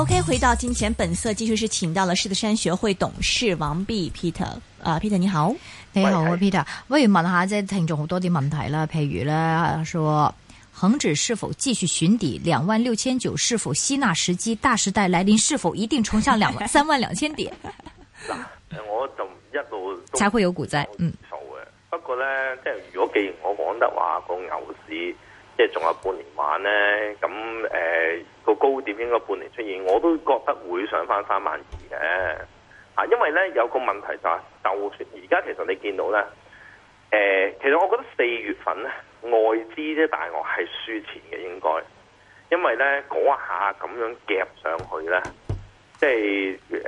OK，回到金錢本色，繼續是請到了獅子山學會董事王弼 Peter 啊、uh，Peter 你好，喂你好，Peter 我 Peter，喂，不如問下，即係聽眾好多啲問題啦，譬如佢話，恒指是否繼續尋底？兩萬六千九是否吸納時機？大時代來臨，是否一定衝向兩萬三萬兩千點？嗱 我就一路都才會有股災，嗯，不過咧，即係如果既然我講得話，講牛市。即係仲有半年晚咧，咁誒個高點應該半年出現，我都覺得會上翻三萬二嘅。啊，因為咧有個問題就係、是，就算而家其實你見到咧，誒、呃，其實我覺得四月份咧外資啲大額係輸錢嘅應該，因為咧嗰下咁樣夾上去咧，即係誒誒，佢、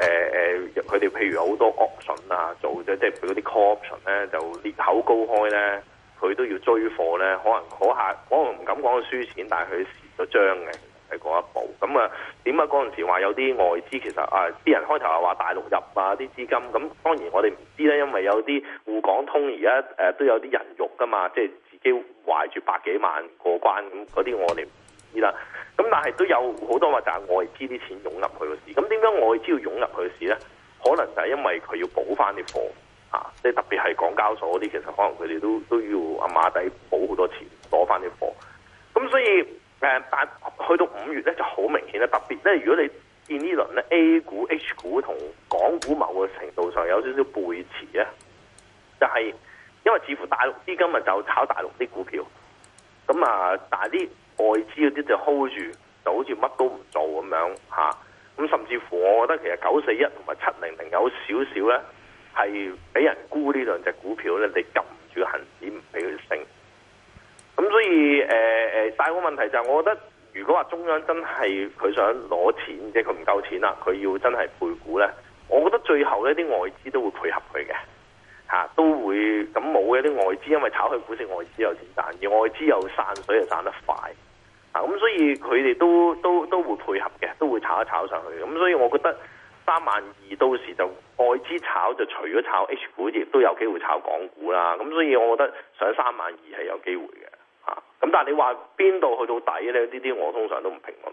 呃、哋、呃、譬如好多 opt、就是、option 啊，做咗即係佢嗰啲 call option 咧就裂口高開咧。佢都要追貨呢，可能嗰下可能唔敢講輸錢，但係佢蝕咗張嘅喺嗰一步。咁啊，點解嗰陣時話有啲外資其實啊，啲人開頭話大陸入啊啲資金。咁當然我哋唔知呢，因為有啲滬港通而家誒都有啲人肉噶嘛，即係自己懷住百幾萬過關咁嗰啲我哋唔知啦。咁但係都有好多話，就係外資啲錢湧入佢個市。咁點解外資要湧入佢個市呢？可能就係因為佢要補翻啲貨。啊！即係特別係港交所嗰啲，其實可能佢哋都都要阿馬底補好多錢，攞翻啲貨。咁所以誒，但去到五月咧就好明顯啦。特別咧，如果你見這輪呢輪咧 A 股、H 股同港股某個程度上有少少背馳啊，就係、是、因為似乎大陸資金咪就炒大陸啲股票，咁啊，但係啲外資嗰啲就 hold 住，就好似乜都唔做咁樣吓。咁、啊、甚至乎，我覺得其實九四一同埋七零零有少少咧。係俾人沽呢兩隻股票咧，你撳唔住恆指，唔俾佢升。咁所以，誒、呃、誒，大個問題就係、是，我覺得如果話中央真係佢想攞錢，即係佢唔夠錢啦，佢要真係配股咧，我覺得最後呢啲外資都會配合佢嘅，嚇、啊、都會咁冇嘅啲外資，因為炒佢股市，外資有錢賺，而外資又散水，所以又賺得快。啊，咁所以佢哋都都都會配合嘅，都會炒一炒上去。咁所以，我覺得。三萬二到時就外資炒就除咗炒 H 股，亦都有機會炒港股啦。咁所以我覺得上三萬二係有機會嘅，吓、啊。咁但係你話邊度去到底呢？呢啲我通常都唔評論。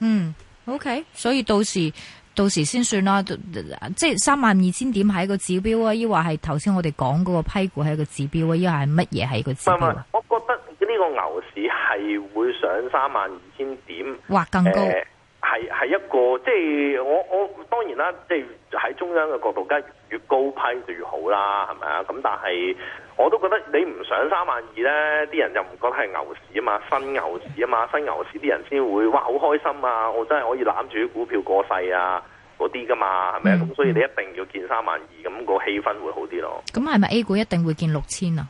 嗯，OK，所以到時到時先算啦。即係三萬二千點係一個指標啊，抑或係頭先我哋講嗰個批股係一個指標啊，抑或係乜嘢係一個指標？我，指標指標我覺得呢個牛市係會上三萬二千點或更高。呃係係一個，即係我我當然啦，即係喺中央嘅角度，梗係越，越高批就越好啦，係咪啊？咁但係我都覺得你唔上三萬二咧，啲人就唔覺得係牛市啊嘛，新牛市啊嘛，新牛市啲人先會哇好開心啊！我真係可以攬住啲股票過世啊嗰啲㗎嘛，係咪啊？咁、嗯、所以你一定要見三萬二，咁個氣氛會好啲咯。咁係咪 A 股一定會見六千啊？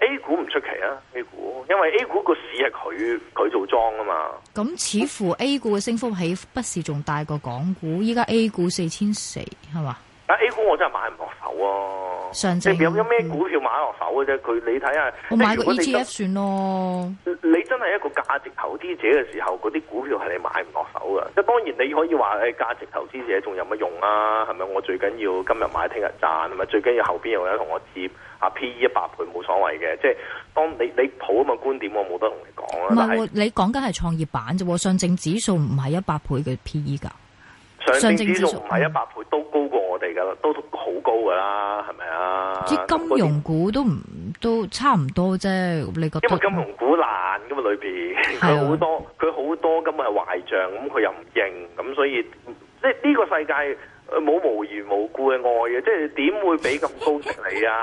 A 股唔出奇啊，A 股，因為 A 股個市係佢佢做莊啊嘛。咁似乎 A 股嘅升幅起，不是仲大過港股？依家 A 股四千四，係嘛？A 股、哎、我真係買唔落手啊。上證、啊、有啲咩股票買落手嘅、啊、啫？佢你睇下，我買個 ETF 算咯了。你真係一個價值投資者嘅時候，嗰啲股票係你買唔落手嘅。即係當然你可以話誒、哎、價值投資者仲有乜用啊？係咪我最緊要今日買聽日賺，同埋最緊要後邊又有同我接啊 P E 一百倍冇所謂嘅。即係當你你抱咁嘅觀點，我冇得同你講啊。是你講緊係創業板啫喎，上證指數唔係一百倍嘅 P E 噶。上證指數唔係一百倍都高過我哋噶啦，都好高噶啦，係咪啊？即金融股都唔都差唔多啫，你覺得？因為金融股爛噶嘛，裏邊佢好多佢好多根本係壞賬，咁佢又唔認，咁所以即係呢個世界冇、呃、無緣無故嘅愛嘅，即係點會俾咁高息你啊？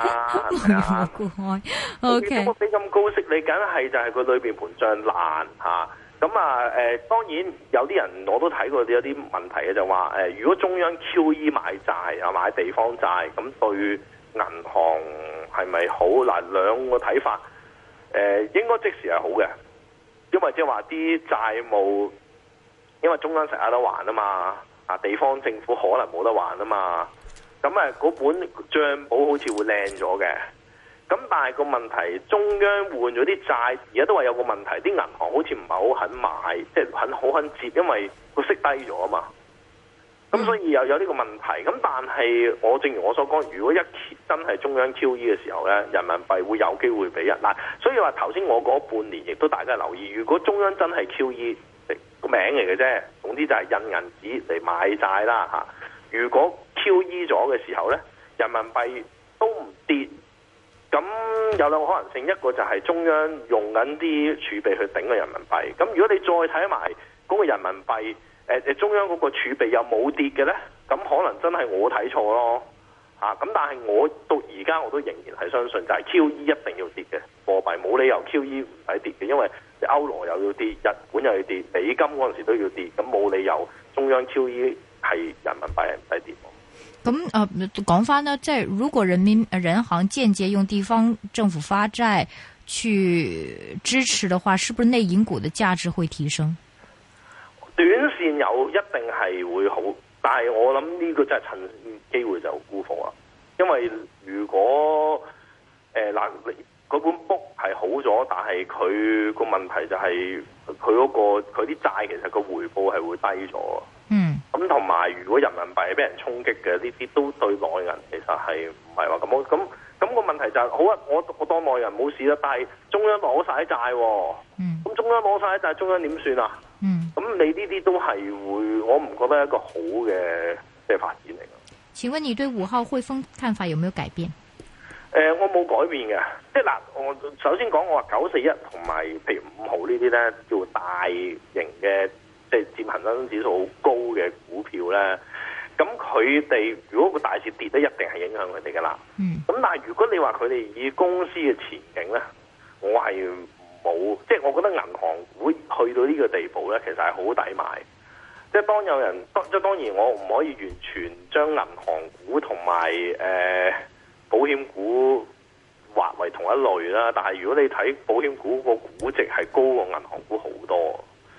係咪啊？無緣無故愛，O K。俾咁高息你，梗係就係佢裏邊盤帳爛嚇。咁啊，誒、呃、當然有啲人我都睇過有啲問題嘅，就話誒，如果中央 QE 買債啊買地方債，咁對銀行係咪好？嗱，兩個睇法，誒、呃、應該即時係好嘅，因為即係話啲債務，因為中央成日都還啊嘛，啊地方政府可能冇得還啊嘛，咁啊嗰本帳簿好似會靚咗嘅。咁但係個問題，中央換咗啲債，而家都話有個問題，啲銀行好似唔係好肯買，即係肯好肯接，因為個息低咗嘛。咁所以又有呢個問題。咁但係我正如我所講，如果一真係中央 QE 嘅時候呢，人民幣會有機會俾人嗱。所以話頭先我嗰半年亦都大家留意，如果中央真係 QE 個名嚟嘅啫，總之就係印銀紙嚟買債啦吓。如果 QE 咗嘅時候呢，人民幣都唔跌。咁有兩個可能性，一個就係中央用緊啲儲備去頂個人民幣。咁如果你再睇埋嗰個人民幣、呃，中央嗰個儲備又冇跌嘅呢，咁可能真係我睇錯咯。咁、啊、但係我到而家我都仍然係相信，就係 QE 一定要跌嘅貨幣冇理由 QE 唔使跌嘅，因為歐羅又要跌，日本又要跌，美金嗰陣時都要跌，咁冇理由中央 QE 係人民幣係唔使跌。咁啊，講返、呃、呢，即係如果人民人行間接用地方政府發債去支持的話，是不是內銀股的價值會提升？短線有一定係會好，但係我諗呢個真係趁機會就沽貨啦。因為如果誒嗱，嗰、呃、本 book 係好咗，但係佢個問題就係佢嗰個佢啲債其實個回報係會低咗。咁同埋，如果人民幣係俾人衝擊嘅，呢啲都對內銀其實係唔係話咁好？咁咁個問題就係、是，好啊，我我當內銀冇事啦，但係中央攞曬債喎。嗯。咁中央攞曬債，中央點算啊？嗯。咁你呢啲都係會，我唔覺得一個好嘅嘅發展嚟。請問你對五號匯豐看法有冇改變？誒、呃，我冇改變嘅，即係嗱，我首先講，我話九四一同埋，譬如五號這些呢啲咧，叫大型嘅。係佔恒生指數好高嘅股票呢，咁佢哋如果個大市跌咧，一定係影響佢哋噶啦。咁、嗯、但係如果你話佢哋以公司嘅前景呢，我係冇，即係我覺得銀行股去到呢個地步呢，其實係好抵買。即係當有人，即係當然我唔可以完全將銀行股同埋誒保險股劃為同一類啦。但係如果你睇保險股個估值係高過銀行股好多。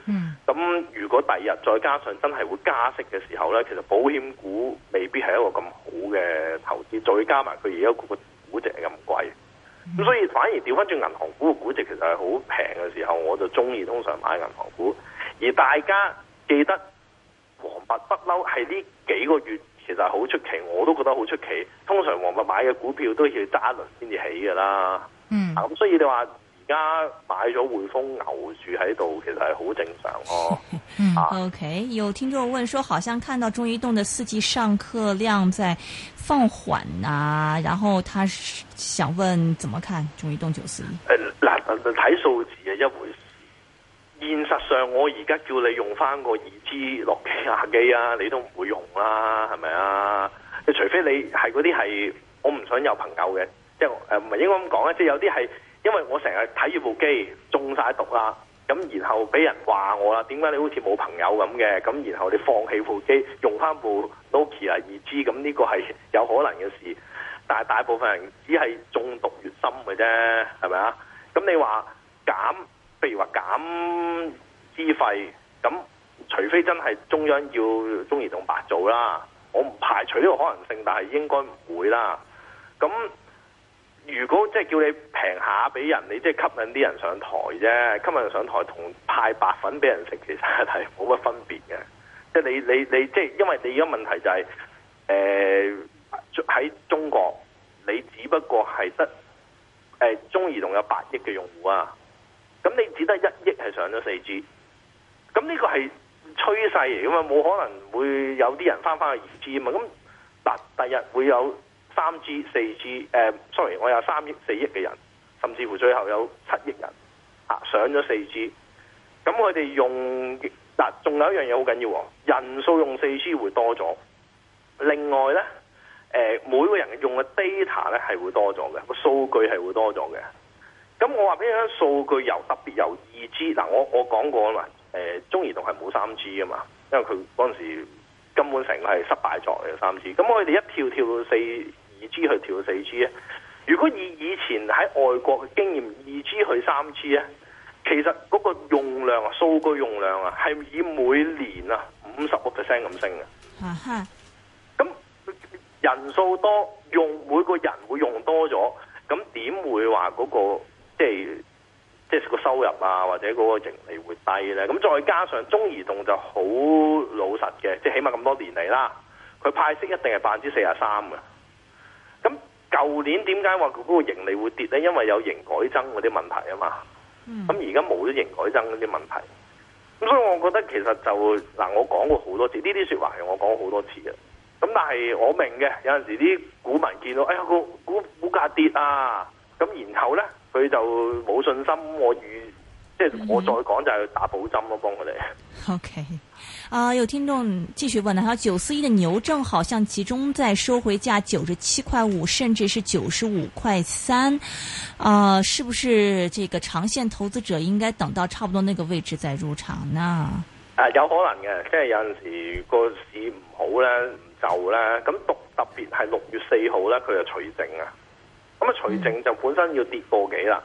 嗯，咁如果第二日再加上真係會加息嘅時候呢，其實保險股未必係一個咁好嘅投資，再加埋佢而家個估值係咁貴，咁、嗯、所以反而調翻轉銀行股嘅估值其實係好平嘅時候，我就中意通常買銀行股。而大家記得王弼不嬲係呢幾個月其實好出奇，我都覺得好出奇。通常王弼買嘅股票都要揸一輪先至起㗎啦。嗯，咁所以你話。而家買咗匯豐牛住喺度，其實係好正常哦。嗯 啊、，OK。有聽眾問，說好像看到中移動的四 G 上客量在放緩啊，然後他想問，怎麼看中移動九四一？誒，睇數字係一回事。現實上，我而家叫你用翻個二 G 諾基亞機啊，你都唔會用啦，係咪啊？即除非你係嗰啲係我唔想有朋友嘅，即係誒唔係應該咁講啊？即係有啲係。因為我成日睇住部機中晒毒啦，咁然後俾人話我啦，點解你好似冇朋友咁嘅？咁然後你放棄部機，用翻部 Nokia 二 G，咁呢個係有可能嘅事。但係大部分人只係中毒越深嘅啫，係咪啊？咁你話減，譬如話減資費，咁除非真係中央要中移動白做啦，我唔排除呢個可能性，但係應該唔會啦。咁。如果即係叫你平下俾人，你即係吸引啲人上台啫，吸引人上台同派白粉俾人食，其實係冇乜分別嘅。即係你你你即係，因為你而家問題就係，誒喺中國你只不過係得誒中移動有八億嘅用戶啊，咁你只得一億係上咗四 G，咁呢個係趨勢嚟噶嘛，冇可能會有啲人翻返去二 G 啊嘛。咁嗱，第日會有。三 G、四 G，誒、uh,，sorry，我有三億、四億嘅人，甚至乎最後有七億人，嚇、啊、上咗四 G，咁我哋用嗱，仲、啊、有一樣嘢好緊要，人數用四 G 會多咗。另外咧，誒、啊，每個人用嘅 data 咧係會多咗嘅，個數據係會多咗嘅。咁我話俾你聽，數據又特別有二 G，嗱、啊，我我講過啊嘛，誒，中移動係冇三 G 啊嘛，因為佢嗰陣時根本成個係失敗咗嘅三 G，咁我哋一跳跳到四。二 G 去調四 G 啊！如果以以前喺外國嘅經驗，二 G 去三 G 啊，其實嗰個用量、數據用量啊，係以每年啊五十個 percent 咁升嘅。嗯咁、uh huh. 咁人數多，用每個人會用多咗，咁點會話嗰個即係即係個收入啊，或者嗰個盈利會低咧？咁再加上中移動就好老實嘅，即係起碼咁多年嚟啦，佢派息一定係百分之四十三嘅。舊年點解話佢嗰個盈利會跌呢？因為有營改增嗰啲問題啊嘛。咁而家冇咗營改增嗰啲問題，咁所以我覺得其實就嗱，我講過好多次，呢啲說話係我講好多次嘅。咁但係我明嘅，有陣時啲，哎、股民見到哎呀個股股價跌啊，咁然後呢，佢就冇信心，我預。即係我再講就係打保針咯，幫我哋。O K，啊，有聽眾繼續問啦，九四一嘅牛，正好像集中在收回價九十七塊五，甚至是九十五塊三，啊、uh,，是不是這個長線投資者應該等到差不多那個位置再入場呢？啊，uh, 有可能嘅，即係有陣時個市唔好咧，唔就咧，咁讀特別係六月四號咧，佢就除淨啊，咁啊除淨就本身要跌過幾啦。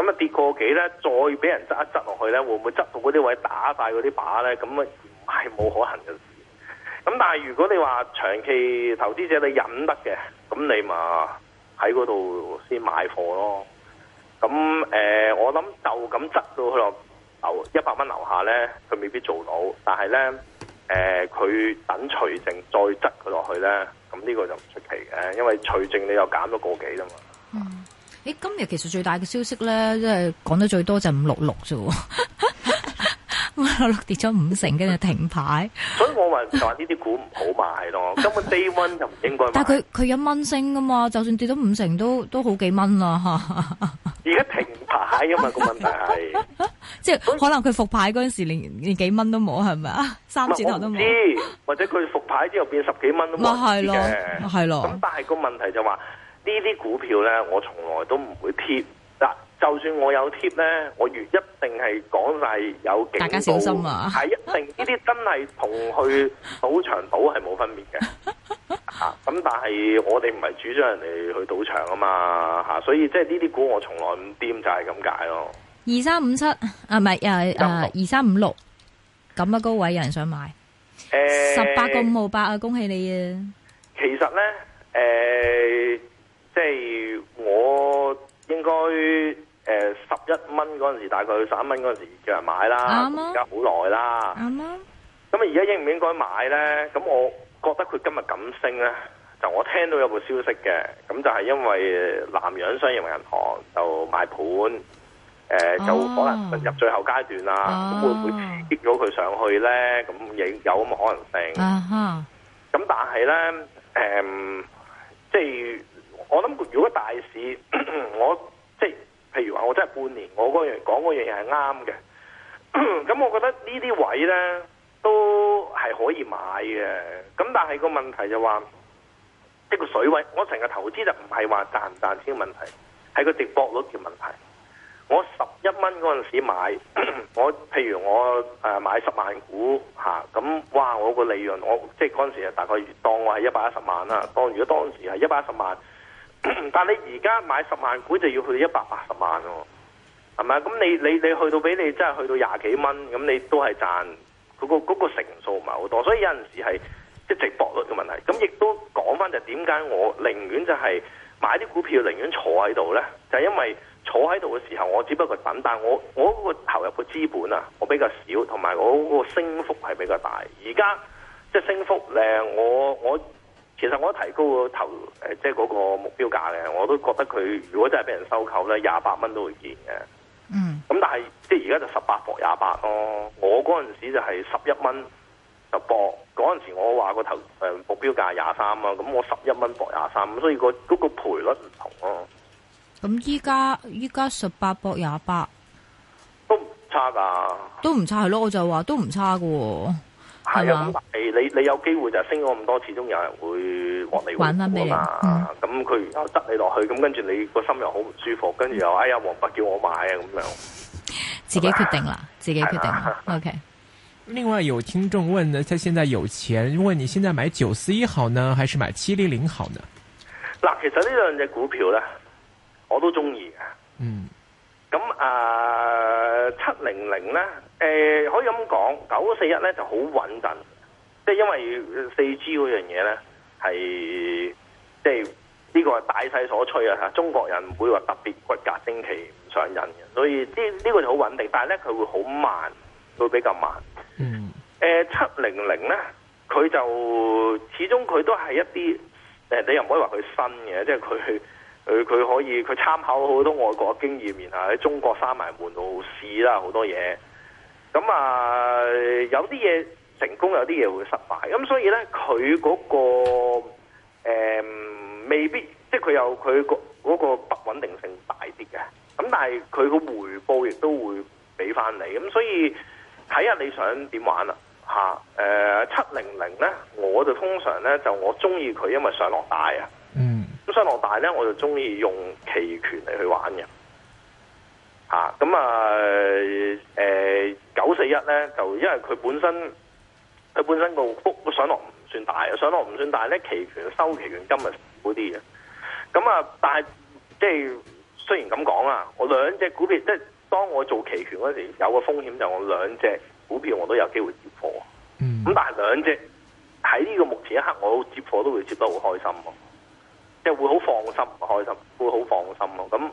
咁啊跌過幾咧，再俾人執一執落去咧，會唔會執到嗰啲位打晒嗰啲靶咧？咁啊，唔係冇可能嘅事。咁但係如果你話長期投資者你忍得嘅，咁你咪喺嗰度先買貨咯。咁誒、呃，我諗就咁執到佢落樓一百蚊樓下咧，佢未必做到。但係咧誒，佢、呃、等除淨再執佢落去咧，咁呢個就唔出奇嘅，因為除淨你又減咗個幾啦嘛。嗯。誒，今日其實最大嘅消息咧，即係講得最多就五六六啫，五六六跌咗五成，跟住停牌。所以我話話呢啲股唔好買咯，根本 day one 就唔應該。但係佢佢一蚊升噶嘛，就算跌咗五成都都好幾蚊啦。而家停牌啊嘛，個問題係，即係可能佢復牌嗰陣時連幾蚊都冇，係咪啊？三字頭都冇，或者佢復牌之後變十幾蚊都冇咪係咯。咁但係個問題就話。呢啲股票咧，我從來都唔會貼。嗱，就算我有貼咧，我越一定係講晒有幾多。大家小心啊！係一定呢啲 真係同 去賭場賭係冇分別嘅。吓咁，但係我哋唔係主張人哋去賭場啊嘛。吓，所以即係呢啲股我從來唔掂，就係咁解咯。二三五七啊，唔係誒二三五六咁嘅高位有人想買。誒、欸，十八個五毫八啊！恭喜你啊！其實咧，誒、欸。蚊嗰陣時，大概去三蚊嗰陣時叫人買啦，而家好耐啦。咁啊，而家吧應唔應該買呢？咁我覺得佢今日咁升呢，就我聽到有一個消息嘅，咁就係因為南洋商業銀行就賣盤，誒、呃，就可能入最後階段啦。咁、oh. oh. 會唔會刺激咗佢上去呢？咁亦有咁嘅可能性。咁、uh huh. 但係呢，誒、嗯，即係我諗，如果大市， 我即係。譬如話我真係半年，我嗰樣講嗰樣嘢係啱嘅，咁我覺得呢啲位呢都係可以買嘅，咁但係個問題就話，即個水位，我成日投資就唔係話賺唔賺錢問題，係個值博率嘅問題。我十一蚊嗰陣時買，我譬如我誒買十萬股吓，咁、啊、哇我個利潤我即嗰陣時啊大概當我係一百一十萬啦，當如果當時係一百一十萬。但你而家買十萬股就要去到一百八十萬哦，係咪？咁你你你去到俾你真係去到廿幾蚊，咁你都係賺，嗰個嗰個成數唔係好多，所以有陣時係即係值博率嘅問題。咁亦都講翻就係點解我寧願就係買啲股票，寧願坐喺度呢？就係因為坐喺度嘅時候，我只不過等，但係我我個投入嘅資本啊，我比較少，同埋我嗰個升幅係比較大。而家即係升幅咧，我我。其實我提高個頭誒，即係嗰個目標價嘅，我都覺得佢如果真係俾人收購咧，廿八蚊都會見嘅。嗯。咁但係即係而家就十八博廿八咯。我嗰陣時就係十一蚊十博，嗰陣時我話個頭誒目標價廿三啊，咁我十一蚊博廿三，咁所以個嗰個賠率唔同咯。咁依家依家十八博廿八都唔差㗎。都唔差係咯，我就話都唔差㗎喎。係啊，誒，你你有機會就升咗咁多，始終有人會獲利㗎嘛。咁佢而家得你落去，咁跟住你個心又好唔舒服，跟住又哎呀，王伯叫我買啊，咁樣自己決定啦，吧自己決定啦。啊、OK。另外有聽眾問：佢現在有錢，問你現在買九四一好呢，還是買七零零好呢？嗱，其實呢兩隻股票咧，我都中意。嗯。咁啊，七零零咧。誒、呃，可以咁講，九四一咧就好穩陣，即係因為四 G 嗰樣嘢咧係，即係呢個係大勢所趨啊吓！中國人唔會話特別骨格驚奇唔上癮嘅，所以呢呢、呢個就好穩定。但係咧佢會好慢，會比較慢。嗯，誒七零零咧，佢就始終佢都係一啲誒，你又唔可以話佢新嘅，即係佢佢佢可以佢參考好多外國經驗，然後喺中國閂埋門度試啦，好多嘢。咁啊、嗯，有啲嘢成功，有啲嘢會失敗。咁、嗯、所以呢，佢嗰、那個誒、嗯、未必，即係佢有佢嗰、那個不穩、那個、定性大啲嘅。咁、嗯、但係佢個回報亦都會俾翻你。咁、嗯、所以睇下你想點玩啦吓。誒、啊，七零零呢，我就通常呢，就我中意佢，因為上落大啊。嗯。咁上落大呢，我就中意用期權嚟去玩嘅。啊，咁啊，誒、呃，九四一咧，就因為佢本身，佢本身個幅上落唔算大，上落唔算大咧，期權收期權金咪少啲嘅。咁啊，但係即係雖然咁講啊，我兩隻股票，即係當我做期權嗰時有，有個風險就是、我兩隻股票我都有機會接貨。咁、嗯、但係兩隻喺呢個目前一刻，我接貨都會接得好開心咯，即係會好放心，開心，會好放心咯，咁。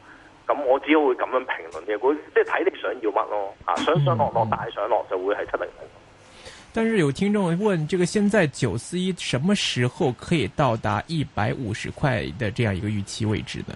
咁我只要會咁樣評論啫，即係睇你想要乜咯，啊，上上落落大上落就會係七零零。嗯嗯、但是有聽眾問，這個現在九四一什麼時候可以到達一百五十塊嘅這樣一個預期位置呢？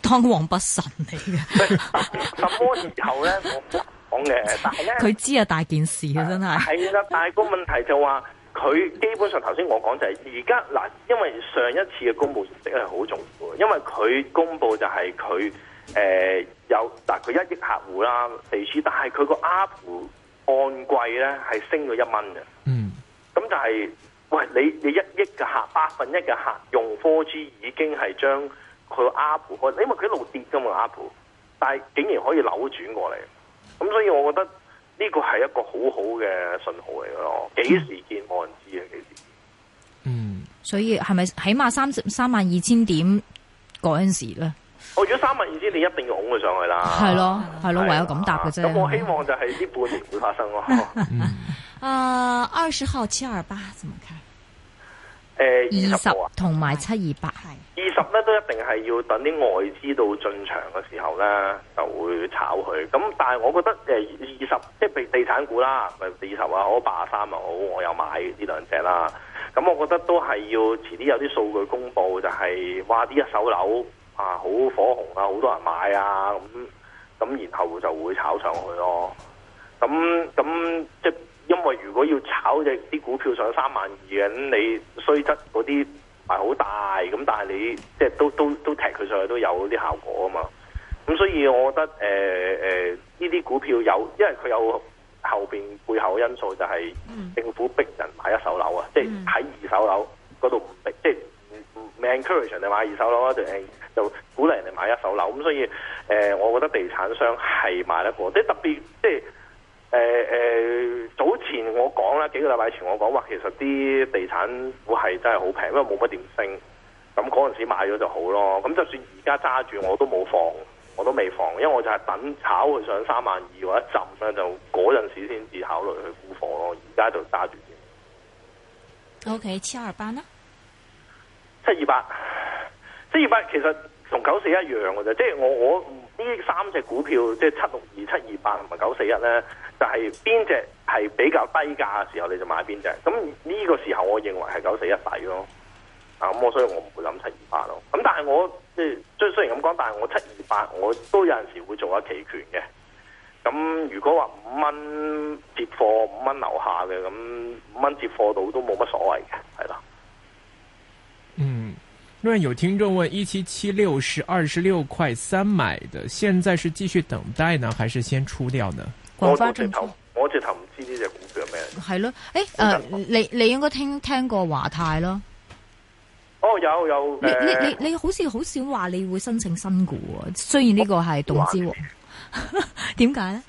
當王不神嚟嘅， 什麼時候咧？我講嘅，但係咧，佢知啊大件事呀真係，係 啦、啊，但係個問題就話，佢基本上頭先我講就係，而家嗱，因爲上一次嘅公布形式係好重要，因為佢公布就係佢。誒、呃，有，但係佢一億客戶啦，地但係佢個阿普按季咧係升咗一蚊嘅。嗯，咁就係、是，喂，你你一億嘅客，百分之一嘅客用科技已經係將佢阿普開，因為佢一路跌噶嘛阿普，但係竟然可以扭轉過嚟，咁所以我覺得呢個係一個很好好嘅信號嚟咯。幾、嗯、時見？無人知啊，幾時？嗯，所以係咪起碼三十三萬二千點嗰陣時咧？我、哦、如果三萬二千，你一定要拱佢上去啦。係咯，係咯，唯有咁答嘅啫。咁、啊、我希望就係呢半年會發生咯。二十號七二八么開誒，二十同埋七二八係。二十咧都一定係要等啲外資到進場嘅時候咧，就會炒佢。咁但係我覺得誒二十即係地地產股啦，誒二十啊，我八三又好，我又買呢兩隻啦。咁我覺得都係要遲啲有啲數據公布，就係話啲一手樓。啊！好火紅啊，好多人買啊，咁咁然後就會炒上去咯。咁咁即係因為如果要炒隻啲股票上三萬二嘅，咁你雖則嗰啲唔係好大，咁但係你即係都都都踢佢上去都有啲效果啊嘛。咁所以我覺得誒誒呢啲股票有，因為佢有後邊背後嘅因素，就係政府逼人買一手樓啊，嗯、即係喺二手樓嗰度唔逼，即係 m a n e n c o u r a g e m e n 你買二手樓，就誒就鼓勵人哋買一手樓。咁所以誒、呃，我覺得地產商係買得過。即係特別，即係誒誒，早前我講啦，幾個禮拜前我講話，其實啲地產股係真係好平，因為冇乜點升。咁嗰陣時買咗就好咯。咁就算而家揸住，我都冇放，我都未放，因為我就係等炒上三萬二或者浸咧，就嗰陣時先至考慮去沽貨咯。而家就揸住先。OK. 七二八呢？七二八，七二八其實同九四一樣嘅啫，即係我我呢三隻股票，即係七六二、七二八同埋九四一咧，就係邊隻係比較低價嘅時候，你就買邊隻。咁呢個時候，我認為係九四一底咯。啊，咁我所以，我唔會諗七二八咯。咁但係我即係即係雖然咁講，但係我七二八我都有陣時會做下期權嘅。咁如果話五蚊接貨、五蚊樓下嘅，咁五蚊接貨到都冇乜所謂嘅，係啦。.突然有聽眾問：一七七六是二十六塊三買的，現在是繼續等待呢，還是先出掉呢？我直頭，我直頭唔知呢隻股票係咩？係咯，誒、欸，誒、呃 Okay.，你你應該聽聽過華泰咯？哦、oh，有有、呃，你你你好似好少話你會申請新股，雖然呢個係凍資，點解咧？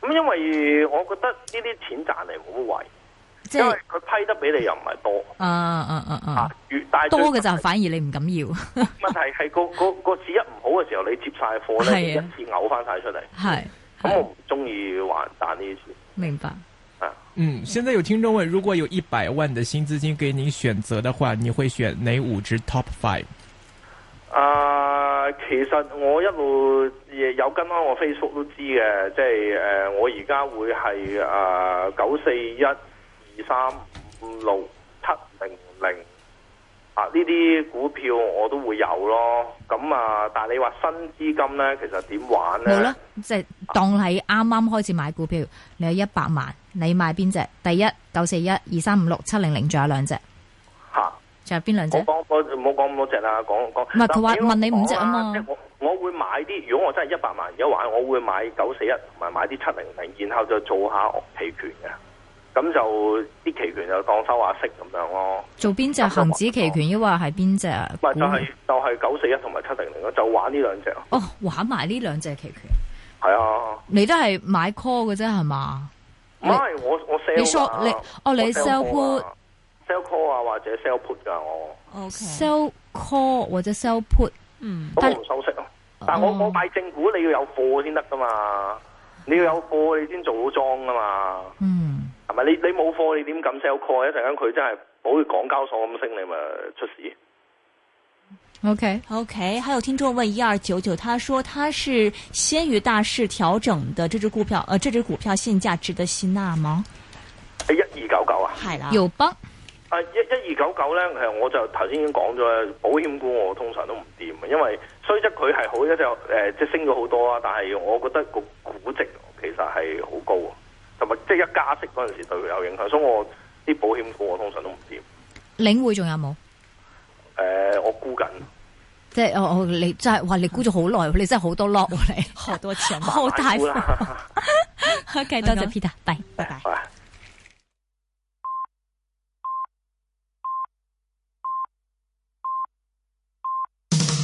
咁因為我覺得呢啲錢賺嚟冇乜壞。即係佢批得俾你又唔係多，啊啊啊啊，越，啊、但、啊啊啊、多嘅就反而你唔敢要。 問題係個個個市一唔好嘅時候，你接晒貨咧一次嘔翻晒出嚟。係、啊，咁我唔中意還賺呢啲事。明白。啊，嗯，現在有聽眾問，如果有一百萬的新資金給你選擇嘅話，你會選哪五隻 Top Five？啊、呃，其實我一路有跟翻、呃，我 Facebook 都知嘅。即係誒，我而家會係啊九四一、二三五六七零零啊！呢啲股票我都會有咯。咁啊，但係你話新資金咧，其實點玩咧？冇啦，即、就、係、是、當喺啱啱開始買股票，啊、你有一百萬，你買邊隻？第一九四一、二三五六七零零，仲、啊、有兩隻吓，仲有邊兩隻？我我唔好講咁多隻啦，講講，唔係佢話問你五隻啊嘛我。我會買啲，如果我真係一百萬而家玩，我會買九四一同埋買啲七零零，然後就做下期權嘅。咁就啲期權就當收下息咁樣咯。做邊隻恒指期權？抑或係邊隻啊？就係就係九四一同埋七零零咯，就玩呢兩隻。哦，玩埋呢兩隻期權。係啊。你都係買 call 嘅啫，係嘛？唔係我我 sell 你，哦你 sell put、sell call 啊，或者 sell put 噶我。O K。sell call 或者 sell put，嗯。我唔收息咯。但係我我買正股，你要有貨先得噶嘛？你要有貨你先做好莊噶嘛？嗯。你你冇貨你點敢 sell 貨一陣間佢真係好似港交所咁升你咪出事。OK OK 還有聽眾問一二九九，他說他是先於大市調整的這隻股票，呃，這隻股票現價值得吸納嗎？誒，一二九九啊，係啦，有不吧？啊、uh,，一一二九九咧，係我就頭先已經講咗，保險股我通常都唔掂啊，因為雖則佢係好一隻誒，即、呃、升咗好多啊，但係我覺得個估值其實係好高。同埋即係一加息嗰陣時對佢有影響，所以我啲保險股我通常都唔知。領匯仲有冇？誒、呃，我沽緊，即係我我你真係哇！你沽咗好耐，你真係好多 lock 你，好 多錢， 好大。多 謝 Okay, Okay. Peter，拜拜。